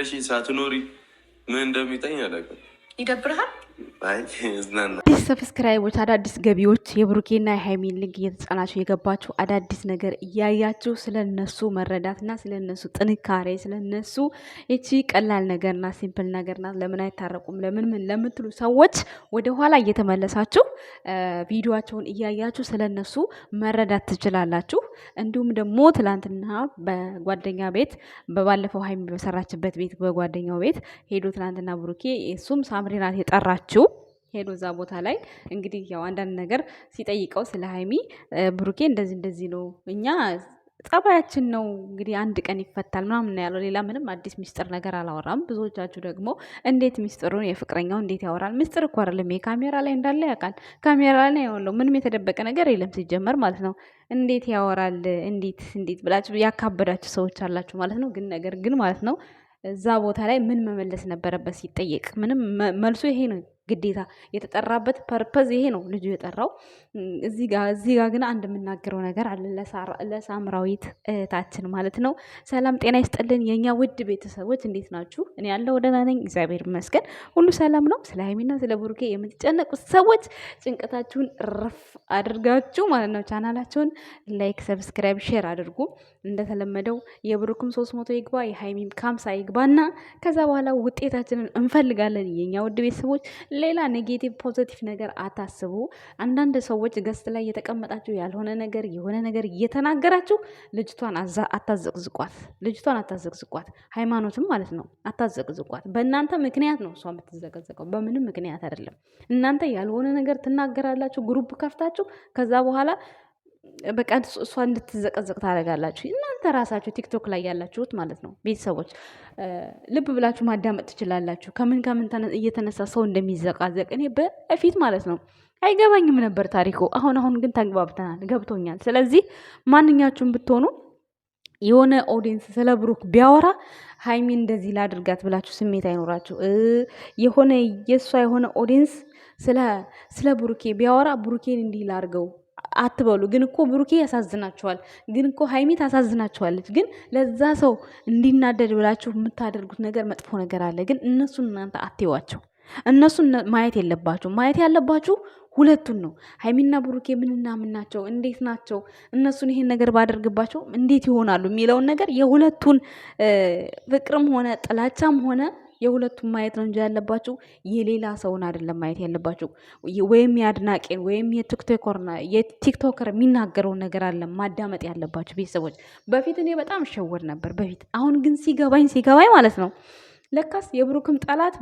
ብለሽኝ ሳትኖሪ ምን እንደሚጠኝ አላውቅም። ይደብርሃል? አይ ሰብስክራይቦች አዳዲስ ገቢዎች የብሩኬና የሃይሚን ሊንክ እየተጫናችሁ የገባችሁ አዳዲስ ነገር እያያችሁ ስለነሱ መረዳትና ስለነሱ ጥንካሬ ስለነሱ ይቺ ቀላል ነገርና ሲምፕል ነገርና ለምን አይታረቁም ለምን ምን ለምትሉ ሰዎች ወደኋላ እየተመለሳችሁ ቪዲዮቸውን እያያችሁ ስለነሱ መረዳት ትችላላችሁ። እንዲሁም ደግሞ ትላንትና በጓደኛ ቤት በባለፈው ሃይሚ በሰራችበት ቤት በጓደኛው ቤት ሄዶ ትላንትና ብሩኬ እሱም ሳምሪናት የጠራችው ሄዶ እዛ ቦታ ላይ እንግዲህ ያው አንዳንድ ነገር ሲጠይቀው ስለ ሀይሚ ብሩኬ እንደዚህ እንደዚህ ነው እኛ ጸባያችን ነው እንግዲህ አንድ ቀን ይፈታል ምናምን ነው ያለው። ሌላ ምንም አዲስ ሚስጥር ነገር አላወራም። ብዙዎቻችሁ ደግሞ እንዴት ሚስጥሩን የፍቅረኛው እንዴት ያወራል? ሚስጥር እኮ አይደለም ካሜራ ላይ እንዳለ ያውቃል። ካሜራ ላይ ያለው ምንም የተደበቀ ነገር የለም ሲጀመር ማለት ነው። እንዴት ያወራል እንዴት እንዴት ብላችሁ ያካበዳችሁ ሰዎች አላችሁ ማለት ነው። ግን ነገር ግን ማለት ነው እዛ ቦታ ላይ ምን መመለስ ነበረበት ሲጠየቅ? ምንም መልሱ ይሄ ነው። ግዴታ የተጠራበት ፐርፐዝ ይሄ ነው። ልጁ የጠራው እዚህ ጋር ግን አንድ የምናገረው ነገር አለ ለሳምራዊት እህታችን ማለት ነው። ሰላም ጤና ይስጥልን የእኛ ውድ ቤተሰቦች እንዴት ናችሁ? እኔ ያለው ደህና ነኝ፣ እግዚአብሔር ይመስገን፣ ሁሉ ሰላም ነው። ስለ ሀይሚና ስለ ብሩኬ የምትጨነቁት ሰዎች ጭንቀታችሁን ረፍ አድርጋችሁ ማለት ነው ቻናላቸውን ላይክ፣ ሰብስክራይብ፣ ሼር አድርጉ። እንደተለመደው የብሩክም ሶስት መቶ ይግባ የሀይሚም ካምሳ ይግባና ከዛ በኋላ ውጤታችንን እንፈልጋለን የእኛ ውድ ቤተሰቦች ሌላ ኔጌቲቭ ፖዘቲቭ ነገር አታስቡ። አንዳንድ ሰዎች ገስት ላይ እየተቀመጣችሁ ያልሆነ ነገር የሆነ ነገር እየተናገራችሁ ልጅቷን አታዘቅዝቋት፣ ልጅቷን አታዘቅዝቋት፣ ሃይማኖትም ማለት ነው አታዘቅዝቋት። በእናንተ ምክንያት ነው እሷ የምትዘቀዘቀው፣ በምንም ምክንያት አይደለም። እናንተ ያልሆነ ነገር ትናገራላችሁ፣ ግሩፕ ከፍታችሁ ከዛ በኋላ በቃ እሷ እንድትዘቀዘቅ ታደርጋላችሁ። እናንተ ራሳችሁ ቲክቶክ ላይ ያላችሁት ማለት ነው። ቤተሰቦች ልብ ብላችሁ ማዳመጥ ትችላላችሁ፣ ከምን ከምን እየተነሳ ሰው እንደሚዘቃዘቅ። እኔ በፊት ማለት ነው አይገባኝም ነበር ታሪኩ። አሁን አሁን ግን ተግባብተናል፣ ገብቶኛል። ስለዚህ ማንኛችሁም ብትሆኑ የሆነ ኦዲየንስ ስለ ብሩክ ቢያወራ ሀይሚ እንደዚህ ላድርጋት ብላችሁ ስሜት አይኖራችሁ። የሆነ የእሷ የሆነ ኦዲየንስ ስለ ብሩኬ ቢያወራ ብሩኬን እንዲህ ላርገው አትበሉ። ግን እኮ ብሩኬ ያሳዝናችኋል፣ ግን እኮ ሀይሚ ታሳዝናችኋለች። ግን ለዛ ሰው እንዲናደድ ብላችሁ የምታደርጉት ነገር መጥፎ ነገር አለ። ግን እነሱን እናንተ አትዋቸው። እነሱን ማየት የለባችሁ። ማየት ያለባችሁ ሁለቱን ነው። ሀይሚና ብሩኬ ምንና ምን ናቸው? እንዴት ናቸው? እነሱን ይሄን ነገር ባደርግባቸው እንዴት ይሆናሉ የሚለውን ነገር የሁለቱን ፍቅርም ሆነ ጥላቻም ሆነ የሁለቱም ማየት ነው እንጂ ያለባችሁ የሌላ ሰውን አይደለም ማየት ያለባችሁ። ወይም የአድናቂን ወይም የቲክቶከርና የቲክቶከር የሚናገረውን ነገር አለ ማዳመጥ ያለባችሁ ቤተሰቦች። በፊት እኔ በጣም እሸወድ ነበር በፊት። አሁን ግን ሲገባኝ ሲገባኝ ማለት ነው ለካስ የብሩክም ጠላት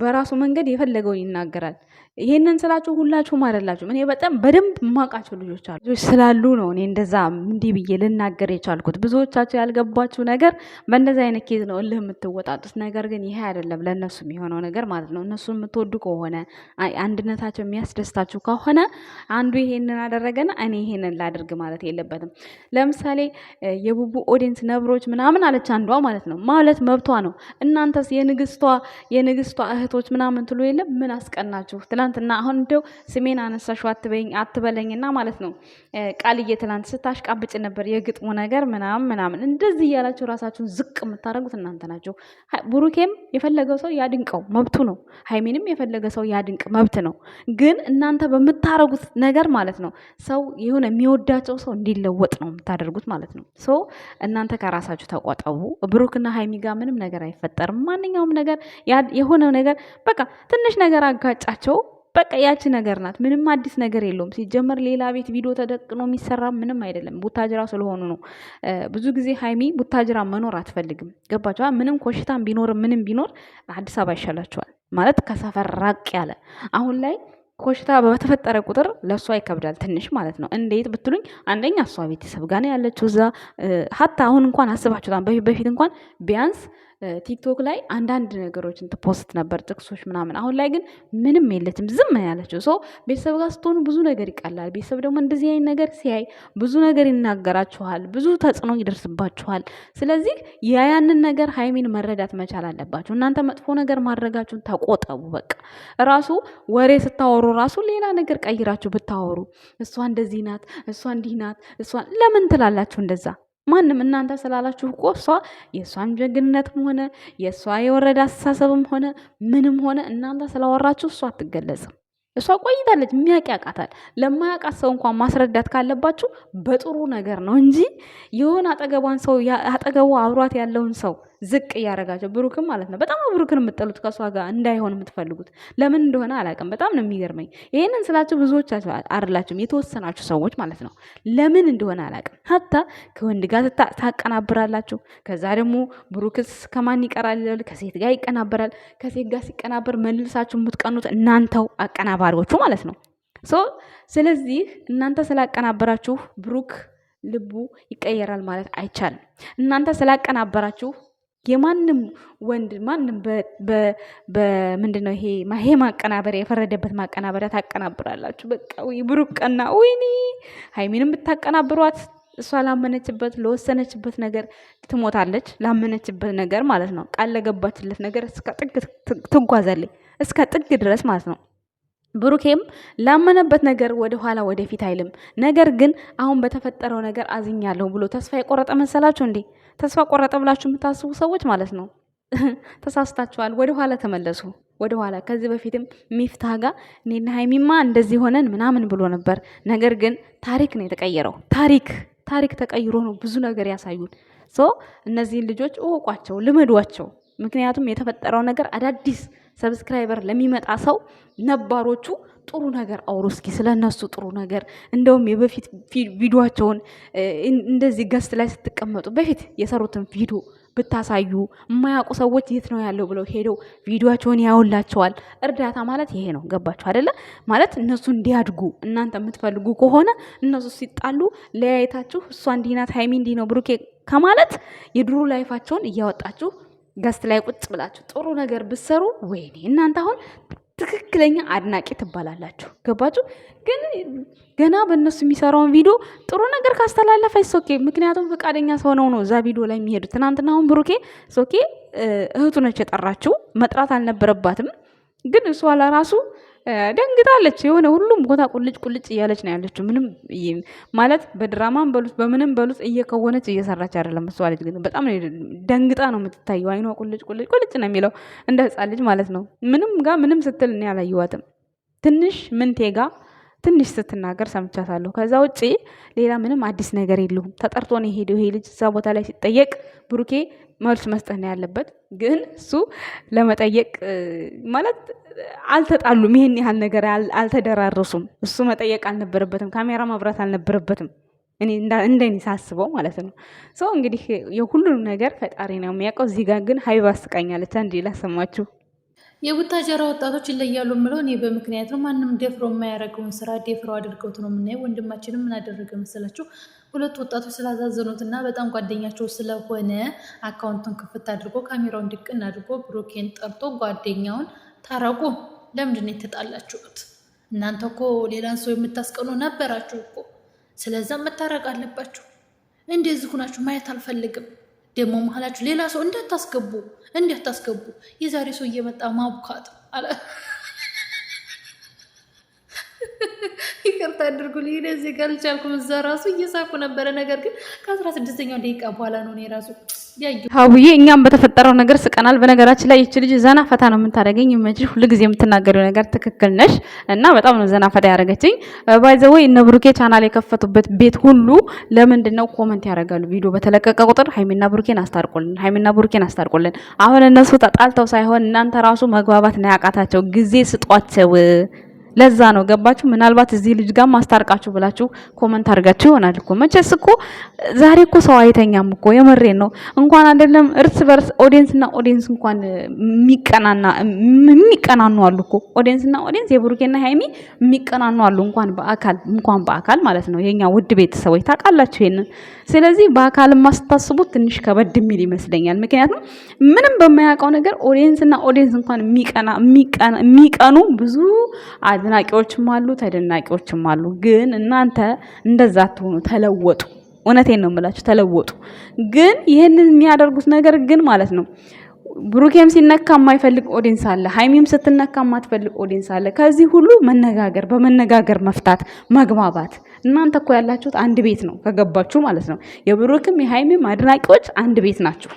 በራሱ መንገድ የፈለገውን ይናገራል። ይሄንን ስላችሁ ሁላችሁም አይደላችሁም። እኔ በጣም በደንብ የማውቃቸው ልጆች አሉ ልጆች ስላሉ ነው እኔ እንደዛ እንዲህ ብዬ ልናገር የቻልኩት። ብዙዎቻችሁ ያልገባችሁ ነገር በእንደዚህ አይነት ኬዝ ነው እልህ የምትወጣጡት። ነገር ግን ይሄ አይደለም ለእነሱ የሆነው ነገር ማለት ነው። እነሱ የምትወዱ ከሆነ አንድነታቸው የሚያስደስታችሁ ከሆነ አንዱ ይሄንን አደረገና እኔ ይሄንን ላድርግ ማለት የለበትም። ለምሳሌ የቡቡ ኦዲንስ ነብሮች ምናምን አለች አንዷ ማለት ነው። ማለት መብቷ ነው። እናንተስ የንግስቷ የንግስቷ እህቶች ምናምን ትሉ የለም ምን አስቀናችሁ? ትላንትና አሁን እንደው ስሜን አነሳሽ አትበኝ አትበለኝና ማለት ነው ቃልዬ ትላንት ስታሽቃብጭ ነበር የግጥሙ ነገር ምናምን ምናምን እንደዚህ እያላችሁ ራሳችሁን ዝቅ የምታደርጉት እናንተ ናቸው። ብሩኬም የፈለገ ሰው ያድንቀው መብቱ ነው። ሀይሜንም የፈለገ ሰው ያድንቅ መብት ነው። ግን እናንተ በምታደርጉት ነገር ማለት ነው ሰው የሆነ የሚወዳቸው ሰው እንዲለወጥ ነው የምታደርጉት ማለት ነው። ሶ እናንተ ከራሳችሁ ተቆጠቡ። ብሩክና ሀይሚ ጋር ምንም ነገር አይፈጠርም። ማንኛውም ነገር የሆነ ነገር በቃ ትንሽ ነገር አጋጫቸው በቃ ያቺ ነገር ናት። ምንም አዲስ ነገር የለውም። ሲጀመር ሌላ ቤት ቪዲዮ ተደቅኖ የሚሰራ ምንም አይደለም። ቡታጅራ ስለሆኑ ነው። ብዙ ጊዜ ሀይሚ ቡታጅራ መኖር አትፈልግም። ገባችኋል? ምንም ኮሽታም ቢኖር ምንም ቢኖር አዲስ አበባ ይሻላቸዋል ማለት ከሰፈር ራቅ ያለ አሁን ላይ ኮሽታ በተፈጠረ ቁጥር ለእሷ ይከብዳል ትንሽ ማለት ነው። እንዴት ብትሉኝ አንደኛ እሷ ቤተሰብ ጋር ነው ያለችው። እዛ ሀታ አሁን እንኳን አስባችሁታል። በፊት በፊት እንኳን ቢያንስ ቲክቶክ ላይ አንዳንድ ነገሮችን ትፖስት ነበር፣ ጥቅሶች ምናምን። አሁን ላይ ግን ምንም የለችም፣ ዝም ያለችው ሰው። ቤተሰብ ጋር ስትሆኑ ብዙ ነገር ይቀላል። ቤተሰብ ደግሞ እንደዚህ አይነት ነገር ሲያይ ብዙ ነገር ይናገራችኋል፣ ብዙ ተጽዕኖ ይደርስባችኋል። ስለዚህ ያያንን ነገር ሀይሚን መረዳት መቻል አለባችሁ። እናንተ መጥፎ ነገር ማድረጋችሁን ተቆጠቡ። በቃ ራሱ ወሬ ስታወሩ ራሱ ሌላ ነገር ቀይራችሁ ብታወሩ እሷ እንደዚህ ናት፣ እሷ እንዲህ ናት፣ እሷ ለምን ትላላችሁ እንደዛ? ማንም እናንተ ስላላችሁ እኮ እሷ የእሷን ጀግንነትም ሆነ የእሷ የወረደ አስተሳሰብም ሆነ ምንም ሆነ እናንተ ስላወራችሁ እሷ አትገለጽም። እሷ ቆይታለች፣ የሚያቅ ያውቃታል። ለማያውቃት ሰው እንኳን ማስረዳት ካለባችሁ በጥሩ ነገር ነው እንጂ የሆነ አጠገቧን ሰው አጠገቡ አብሯት ያለውን ሰው ዝቅ እያደረጋቸው ብሩክም ማለት ነው። በጣም ብሩክን የምጠሉት ከእሷ ጋር እንዳይሆን የምትፈልጉት ለምን እንደሆነ አላውቅም። በጣም ነው የሚገርመኝ። ይህንን ስላቸው ብዙዎቻቸው አይደላችሁም፣ የተወሰናችሁ ሰዎች ማለት ነው። ለምን እንደሆነ አላውቅም። ሀታ ከወንድ ጋር ታቀናብራላችሁ፣ ከዛ ደግሞ ብሩክስ ከማን ይቀራል ይላል፣ ከሴት ጋር ይቀናበራል። ከሴት ጋር ሲቀናበር መልሳችሁ የምትቀኑት እናንተው አቀናባሪዎቹ ማለት ነው። ስለዚህ እናንተ ስላቀናበራችሁ ብሩክ ልቡ ይቀየራል ማለት አይቻልም። እናንተ ስላቀናበራችሁ የማንም ወንድ ማንም በምንድን ነው ይሄ ይሄ ማቀናበሪያ የፈረደበት ማቀናበሪያ ታቀናብራላችሁ። በቃ ብሩክ ቀና ወይኔ ሀይሚንም ብታቀናብሯት እሷ ላመነችበት ለወሰነችበት ነገር ትሞታለች። ላመነችበት ነገር ማለት ነው። ቃል ለገባችለት ነገር እስከ ጥግ ትጓዛለች፣ እስከ ጥግ ድረስ ማለት ነው። ብሩኬም ላመነበት ነገር ወደ ኋላ ወደፊት አይልም። ነገር ግን አሁን በተፈጠረው ነገር አዝኛለሁ ብሎ ተስፋ የቆረጠ መሰላችሁ እንዴ? ተስፋ ቆረጠ ብላችሁ የምታስቡ ሰዎች ማለት ነው ተሳስታችኋል። ወደ ኋላ ተመለሱ። ወደ ኋላ ከዚህ በፊትም ሚፍታ ጋ እኔና ሀይሚማ እንደዚህ ሆነን ምናምን ብሎ ነበር። ነገር ግን ታሪክ ነው የተቀየረው። ታሪክ ታሪክ ተቀይሮ ነው ብዙ ነገር ያሳዩን። ሶ እነዚህን ልጆች እወቋቸው፣ ልመዷቸው። ምክንያቱም የተፈጠረው ነገር አዳዲስ ሰብስክራይበር ለሚመጣ ሰው ነባሮቹ ጥሩ ነገር አውሩ እስኪ ስለ እነሱ ጥሩ ነገር። እንደውም የበፊት ቪዲዮቸውን እንደዚህ ገስት ላይ ስትቀመጡ በፊት የሰሩትን ቪዲዮ ብታሳዩ የማያውቁ ሰዎች የት ነው ያለው ብለው ሄደው ቪዲዮቸውን ያውላቸዋል። እርዳታ ማለት ይሄ ነው። ገባችሁ አይደለ? ማለት እነሱ እንዲያድጉ እናንተ የምትፈልጉ ከሆነ እነሱ ሲጣሉ ለያየታችሁ እሷ እንዲህ ናት፣ እንዲህ ነው፣ ብሩኬ ከማለት የድሮ ላይፋቸውን እያወጣችሁ ገስት ላይ ቁጭ ብላችሁ ጥሩ ነገር ብትሰሩ ወይኔ እናንተ አሁን ትክክለኛ አድናቂ ትባላላችሁ። ገባችሁ? ግን ገና በእነሱ የሚሰራውን ቪዲዮ ጥሩ ነገር ካስተላለፈ ሶኬ ምክንያቱም ፈቃደኛ ሰው ነው ነው እዛ ቪዲዮ ላይ የሚሄዱ ትናንትና አሁን ብሩኬ ሶኬ እህቱ ነች የጠራችው መጥራት አልነበረባትም። ግን እሷ ለራሱ ደንግጣለች። የሆነ ሁሉም ቦታ ቁልጭ ቁልጭ እያለች ነው ያለችው። ምንም ማለት በድራማም በሉት በምንም በሉት እየከወነች እየሰራች አይደለም። እሷ ልጅ ግን በጣም ደንግጣ ነው የምትታየው። አይኗ ቁልጭ ቁልጭ ቁልጭ ነው የሚለው እንደ ህፃን ልጅ ማለት ነው። ምንም ጋር ምንም ስትል እኔ አላየዋትም። ትንሽ ምንቴ ጋ ትንሽ ስትናገር ሰምቻታለሁ። ከዛ ውጭ ሌላ ምንም አዲስ ነገር የለሁም ተጠርቶ ነው የሄደው ይሄ ልጅ እዛ ቦታ ላይ ሲጠየቅ ብሩኬ መልስ መስጠት ነው ያለበት። ግን እሱ ለመጠየቅ ማለት አልተጣሉም፣ ይሄን ያህል ነገር አልተደራረሱም። እሱ መጠየቅ አልነበረበትም፣ ካሜራ ማብራት አልነበረበትም። እንደኔ ሳስበው ማለት ነው። ሰው እንግዲህ የሁሉንም ነገር ፈጣሪ ነው የሚያውቀው። እዚህ ጋር ግን ሀይባ አስቃኛለች። አንዴ ላሰማችሁ። የቡታጀራ ወጣቶች ይለያሉ የምለው እኔ በምክንያት ነው። ማንም ደፍሮ የማያደርገውን ስራ ደፍሮ አድርገውት ነው የምናየው። ወንድማችንም ምን አደረገ መሰላችሁ? ሁለት ወጣቶች ስላዛዘኑት እና በጣም ጓደኛቸው ስለሆነ አካውንቱን ክፍት አድርጎ ካሜራውን ድቅን አድርጎ ብሩኬን ጠርቶ ጓደኛውን ታረቁ፣ ለምንድን ነው የተጣላችሁት? እናንተ እኮ ሌላን ሰው የምታስቀኑ ነበራችሁ እኮ። ስለዛ መታረቅ አለባችሁ። እንደዚህ ሁናችሁ ማየት አልፈልግም። ደግሞ መሀላችሁ ሌላ ሰው እንዳታስገቡ፣ እንዳታስገቡ የዛሬ ሰው እየመጣ ማቡካት አለ። ይቅርታ አድርጉልኝ፣ እኔ እዚህ ጋር አልቻልኩም። እዛ ራሱ እየሳኩ ነበረ። ነገር ግን ከአስራ ስድስተኛው ደቂቃ በኋላ ነው እኔ ራሱ ሀቡዬ እኛም በተፈጠረው ነገር ስቀናል። በነገራችን ላይ ይች ልጅ ዘና ፈታ ነው የምታደርገኝ። መች ሁልጊዜ የምትናገሪው ነገር ትክክል ነሽ እና በጣም ነው ዘና ፈታ ያደረገችኝ። ባይዘወይ እነ ብሩኬ ቻናል የከፈቱበት ቤት ሁሉ ለምንድን ነው ኮመንት ያደርጋሉ? ቪዲዮ በተለቀቀ ቁጥር ሀይሚና ብሩኬን አስታርቆልን፣ ሀይሚና ብሩኬን አስታርቆልን። አሁን እነሱ ተጣልተው ሳይሆን እናንተ ራሱ መግባባት ነው ያቃታቸው። ጊዜ ስጧቸው። ለዛ ነው ገባችሁ። ምናልባት እዚህ ልጅ ጋር ማስታርቃችሁ ብላችሁ ኮመንት አድርጋችሁ ይሆናል እኮ መቼስ እኮ ዛሬ እኮ ሰው አይተኛም እኮ የመሬን ነው። እንኳን አይደለም እርስ በርስ እና ኦዲንስ እንኳን የሚቀናና የሚቀናኑ አሉ እኮ እና ኦዲንስ የብሩኬና ሃይሚ የሚቀናኑ አሉ። እንኳን በአካል እንኳን በአካል ማለት ነው የኛ ውድ ቤተሰቦች ታውቃላችሁ ይሄንን። ስለዚህ በአካል ማስታስቡት ትንሽ ከበድ የሚል ይመስለኛል። ምክንያቱም ምንም በማያውቀው ነገር እና ኦዲየንስ እንኳን የሚቀና የሚቀኑ ብዙ አድናቂዎችም አሉ፣ ተደናቂዎችም አሉ። ግን እናንተ እንደዛ ትሆኑ ተለወጡ። እውነቴን ነው የምላችሁ፣ ተለወጡ። ግን ይህንን የሚያደርጉት ነገር ግን ማለት ነው ብሩኬም ሲነካ የማይፈልግ ኦዲንስ አለ። ሀይሚም ስትነካ የማትፈልግ ኦዲንስ አለ። ከዚህ ሁሉ መነጋገር በመነጋገር መፍታት፣ መግባባት። እናንተ እኮ ያላችሁት አንድ ቤት ነው ከገባችሁ ማለት ነው። የብሩክም የሀይሚም አድናቂዎች አንድ ቤት ናችሁ።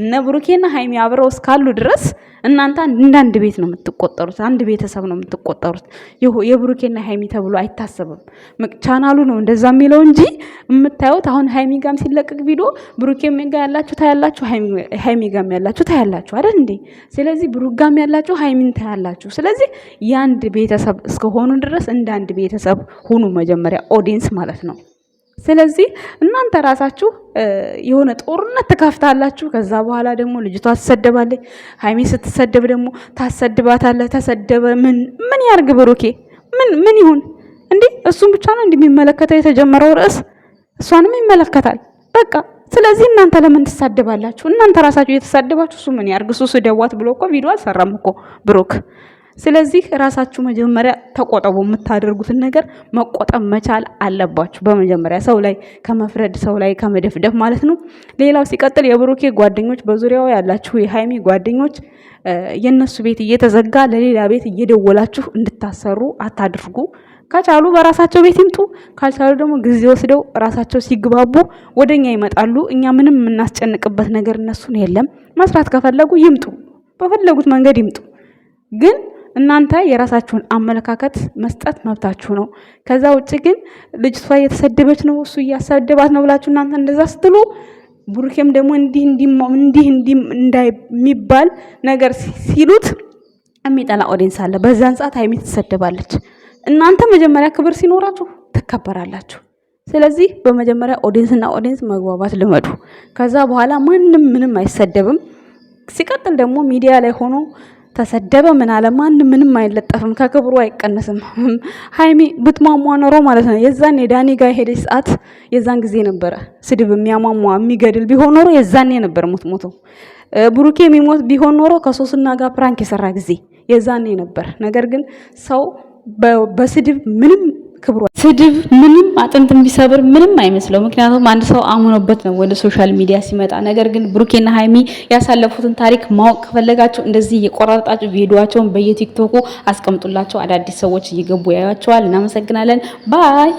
እነ ብሩኬና ሀይሚ አብረው እስካሉ ድረስ እናንተ እንደ አንድ ቤት ነው የምትቆጠሩት፣ አንድ ቤተሰብ ነው የምትቆጠሩት። የብሩኬና ሀይሚ ተብሎ አይታሰብም። ቻናሉ ነው እንደዛ የሚለው እንጂ የምታዩት አሁን ሀይሚ ጋም ሲለቀቅ ቪዲዮ ብሩኬም ጋ ያላችሁ ታያላችሁ፣ ሀይሚ ጋም ያላችሁ ታያላችሁ አይደል እንዴ? ስለዚህ ብሩክ ጋም ያላችሁ ሀይሚን ታያላችሁ። ስለዚህ የአንድ ቤተሰብ እስከሆኑ ድረስ እንደ አንድ ቤተሰብ ሁኑ፣ መጀመሪያ ኦዲንስ ማለት ነው። ስለዚህ እናንተ ራሳችሁ የሆነ ጦርነት ትከፍታላችሁ። ከዛ በኋላ ደግሞ ልጅቷ ትሰደባለች። ሀይሜ ስትሰደብ ደግሞ ታሰድባታለህ። ተሰደበ ምን ምን ያርግ ብሩኬ? ምን ምን ይሁን እንዴ? እሱን ብቻ ነው እንደሚመለከተው የተጀመረው ርዕስ እሷንም ይመለከታል። በቃ ስለዚህ እናንተ ለምን ትሳደባላችሁ? እናንተ ራሳችሁ እየተሳደባችሁ እሱ ምን ያርግ? እሱ ስደዋት ብሎ እኮ ቪዲዮ አልሰራም እኮ ብሩክ ስለዚህ ራሳችሁ መጀመሪያ ተቆጠቡ። የምታደርጉትን ነገር መቆጠብ መቻል አለባችሁ። በመጀመሪያ ሰው ላይ ከመፍረድ ሰው ላይ ከመደፍደፍ ማለት ነው። ሌላው ሲቀጥል የብሩኬ ጓደኞች፣ በዙሪያው ያላችሁ የሃይሚ ጓደኞች የእነሱ ቤት እየተዘጋ ለሌላ ቤት እየደወላችሁ እንድታሰሩ አታድርጉ። ከቻሉ በራሳቸው ቤት ይምጡ። ካልቻሉ ደግሞ ጊዜ ወስደው ራሳቸው ሲግባቡ ወደኛ ይመጣሉ። እኛ ምንም የምናስጨንቅበት ነገር እነሱን የለም። መስራት ከፈለጉ ይምጡ፣ በፈለጉት መንገድ ይምጡ ግን እናንተ የራሳችሁን አመለካከት መስጠት መብታችሁ ነው። ከዛ ውጭ ግን ልጅቷ እየተሰደበች ነው እሱ እያሰደባት ነው ብላችሁ እናንተ እንደዛ ስትሉ ቡርኬም ደግሞ እንዲህ እንዲህ እንዲህ እንዳይሚባል ነገር ሲሉት የሚጠላ ኦዲንስ አለ። በዛን ሰዓት ሀይሚ ትሰደባለች። እናንተ መጀመሪያ ክብር ሲኖራችሁ ትከበራላችሁ። ስለዚህ በመጀመሪያ ኦዲንስና ኦዲንስ መግባባት ልመዱ። ከዛ በኋላ ማንም ምንም አይሰደብም። ሲቀጥል ደግሞ ሚዲያ ላይ ሆኖ ተሰደበ ምን አለ ማን ምንም አይለጠፍም፣ ከክብሩ አይቀነስም። ሀይሚ ብትሟሟ ኖሮ ማለት ነው የዛኔ ዳኒ ጋር ሄደች ሰዓት የዛን ጊዜ ነበረ ስድብ የሚያሟሟ የሚገድል ቢሆን ኖሮ የዛኔ ነበር ሞት ሞቶ ብሩኬ የሚሞት ቢሆን ኖሮ ከሶስና ጋር ፕራንክ የሰራ ጊዜ የዛኔ ነበር። ነገር ግን ሰው በስድብ ምንም ክብሯ። ስድብ ምንም አጥንትን ቢሰብር ምንም አይመስለው፣ ምክንያቱም አንድ ሰው አምኖበት ነው ወደ ሶሻል ሚዲያ ሲመጣ። ነገር ግን ብሩኬና ሀይሚ ያሳለፉትን ታሪክ ማወቅ ከፈለጋቸው እንደዚህ የቆራረጣችሁ ቪዲዮቸውን በየቲክቶኩ አስቀምጡላቸው። አዳዲስ ሰዎች እየገቡ ያያቸዋል እናመሰግናለን ባይ